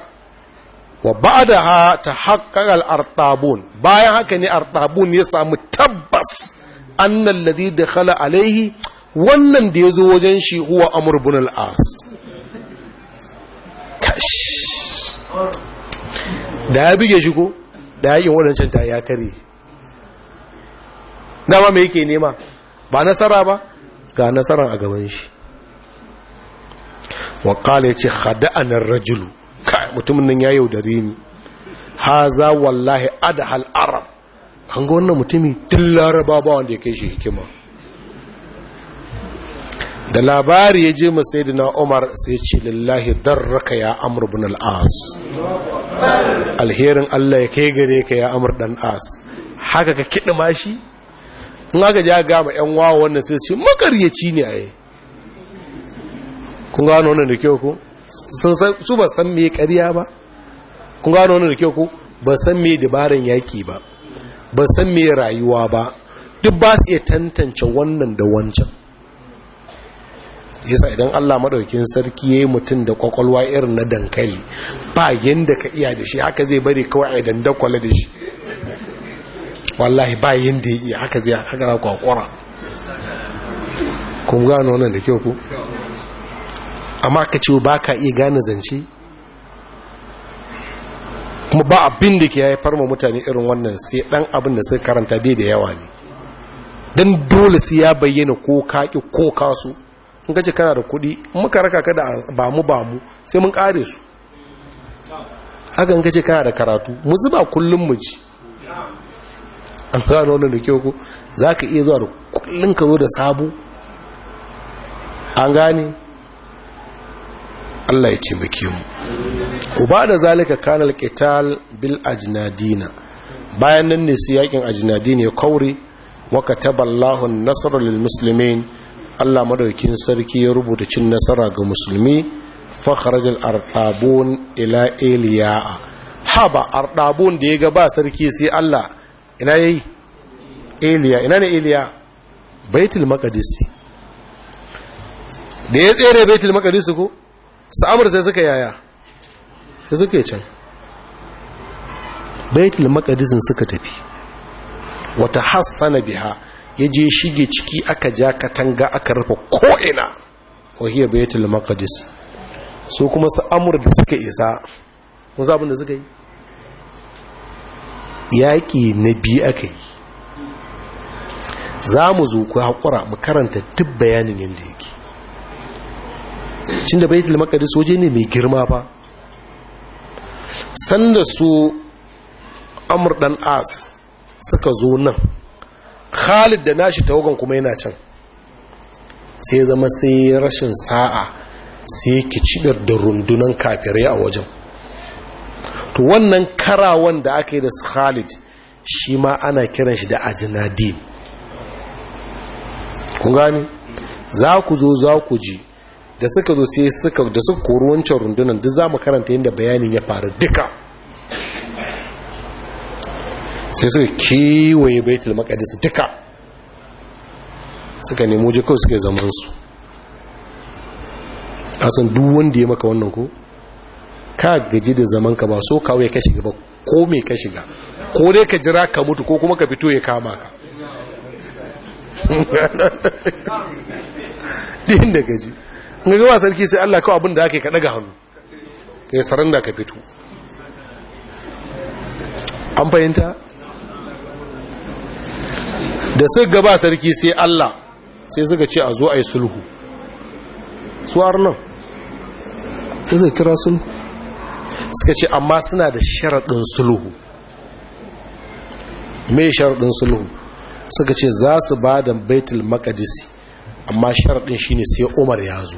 wa ha ta al-artabun bayan haka ne artabun ya samu tabbas annal da khala alaihi wannan da ya zo wajen shi huwa amr da ya bige shi ko da yakin wadancan ta ya kare dama mai yake nema ba nasara ba ga nasara a gaban shi wakala ya ce nan rajulu kai mutumin nan ya rini ni haza wallahi ada arab an ga wannan mutumi tun laraba ba wanda ya kai shi hikima da labari ya je masai na umar sai ce lillahi darraka ya amur bin al'as alherin allah ya kai gare ka ya amur dan as haka ka kiɗi mashi in aka ja gama yan wawa wannan sai su makaryaci ne a yi kun gano wannan da kyau ko su ba san me karya ba kun gano wannan da kyau ko ba san me dabaran yaki ba ba san me rayuwa ba duk ba su iya tantance wannan da wancan yasa idan Allah madaukin sarki yi mutum da kwakwalwa irin na dankali ba yanda ka iya da shi haka zai bari kawai a dandakwala da shi wallahi ba yanda ya iya haka zai haka za ku kun gano wannan da kyau ku amma ka ce ba ka iya gane zance kuma ba abin da ke haifar ma mutane irin wannan sai ɗan abin da suka karanta bai da yawa ne don dole sai ya bayyana ko kaƙi ko kasu in ka ce kana da kuɗi muka raka ka da bamu bamu sai mun ƙare su haka in ka ce kana da karatu mu zuba kullum mu ji an wannan da kyau ku za ka iya zuwa da kullum ka zo da sabu an gane Allah ya taimake mu uba da zalika kanal qital bil ajinadina bayan nan ne su yakin ajinadina ya kauri waka taballahun nasarar musulmi lil Allah madaukin sarki ya rubuta cin nasara ga musulmi fa kharajal arqabun ila eliya haba arqabun da ya ga ba sarki sai Allah ina yayi eliya ina ne eliya baitul maqdis da ya tsere baitul maqdis ko Sa'amur sai suka yaya sai suka can baitul maqdisin suka tafi wata hassana biha ya je shige ciki aka ja katanga aka rufe ko'ina wahiyar baitul maqdis su kuma sa'amur da suka isa kun abin da suka yi yaƙi na biyu aka yi za mu zo ku haƙura mu karanta duk bayanin yadda yake cin da baitul maqdis waje ne mai girma ba sanda su amur ɗan as suka zo nan khalid da nashi tawagan kuma yana can sai zama sai rashin sa'a sai ki cidar da rundunan kafirai a wajen to wannan karawan da aka yi da khalid shi ma ana kiran shi da ajinadin ku gani za ku zo za ku ji da suka zo sai suka da suka kori wancan rundunan duk za mu karanta yadda bayanin ya faru duka sai suka kewaye baitul maqdis duka suka nemo je kawai suka zaman su asan duk wanda ya maka wannan ko ka gaji da zaman ka ba so kawai ka shiga ba ko me ka shiga ko dai ka jira ka mutu ko kuma ka fito ya kama ka <laughs> din da gaji ga gaba sarki sai Allah kawai abin da ake ka daga hannu kai da ka fito an fahimta da su gaba sarki sai Allah sai suka ce a zo a yi sulhu su arnan ta zai kira sulhu suka ce amma suna da sharaɗin sulhu mai sharaɗin sulhu suka ce za su ba da baitul makadisi amma sharaɗin shine sai umar ya zo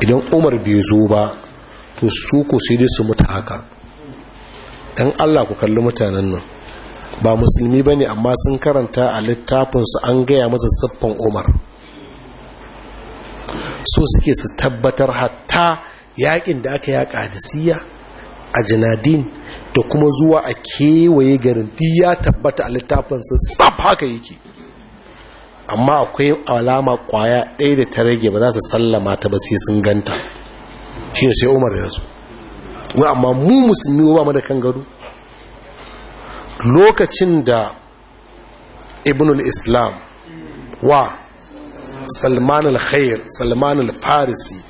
idan umar bai zo ba to su ko sai dai su mutu haka ɗan allah ku kalli mutanen nan ba musulmi ba ne amma sun karanta a littafinsu an gaya masa siffan umar so suke su tabbatar hatta yakin da aka yaƙa hadisiya a janadin da kuma zuwa a kewaye garin ya tabbata a littafinsa tsab haka yake amma akwai alama kwaya ɗaya da ta rage ba za su sallama ta ba sai sun ganta shi ne sai umar ya zo amma mu musulmi ba mu da kan gado lokacin da ibnul islam wa salman al-khair salman al-farisi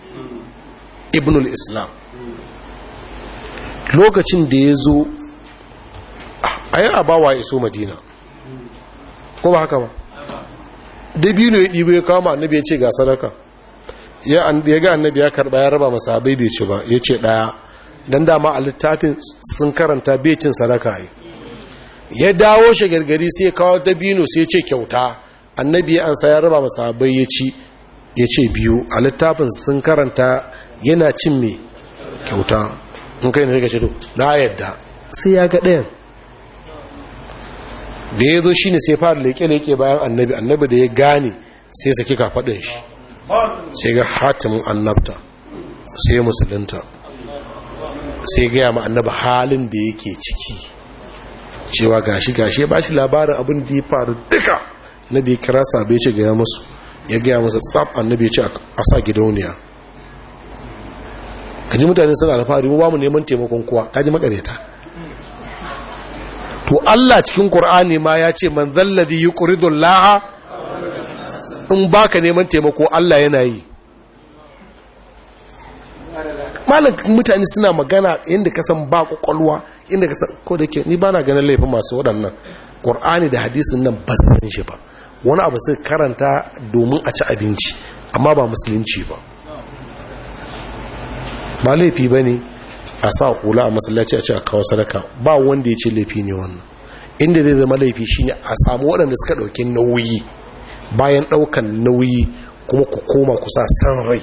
ibnul islam lokacin da ya zo a yi abawa ya so madina ko ba haka ba dabino ya ɗibo ya kama annabi ya ce ga sadaka ya ga annabi ya karɓa ya raba masa abai bai ce ba ya ce ɗaya don dama a littafin sun karanta becin sadaka yi ya dawo shi gargari sai kawo dabino sai ya ce kyauta annabi an ya raba masa abai ya ce biyu a littafin sun karanta yana cin mai kyauta in kai ne ka ce to na yadda sai ya ga ɗayan da ya zo shi ne sai fara leke-leke bayan annabi annabi da ya gane sai saki kafaɗin shi sai ga hatimin annabta sai musulunta sai gaya ma annabi halin da yake ciki cewa gashi gashi ba shi labarin abin da ya faru duka annabi kira sabai ce gaya musu ya gaya masa tsab annabi ce a sa gidauniya Ka ji mutane suna alfahari mu ba mu neman taimakon kowa kaji makareta to Allah cikin Qur'ani ma ya ce man zalladhi yuqridu Laha in baka neman taimako Allah yana yi malam mutane suna magana inda ka san ba kwakwalwa inda ka san ko da ke ni ba na ganin laifin masu waɗannan Qur'ani da hadisin nan ba su san shi ba wani abu sai karanta domin a ci abinci amma ba musulunci ba ba laifi ba ne a sa kula a masallaci a ce a kawo sadaka ba wanda ya ce laifi ne wannan inda zai zama laifi shi ne a samu waɗanda suka ɗauki nauyi bayan ɗaukan nauyi kuma ku koma ku sa san rai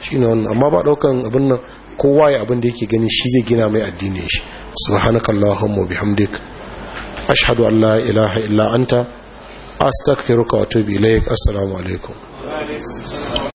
shi ne wannan amma ba ɗaukan abin nan kowa ya abin da yake gani shi zai gina mai addinin shi subhanakallahumma bihamdik ashhadu an la ilaha illa anta astaghfiruka wa atubu ilaik assalamu alaikum